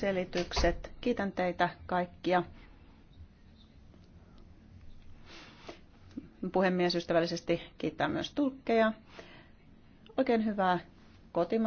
selitykset. Kiitän teitä kaikkia. Puhemies ystävällisesti kiittää myös tulkkeja. Oikein hyvää kotimatka.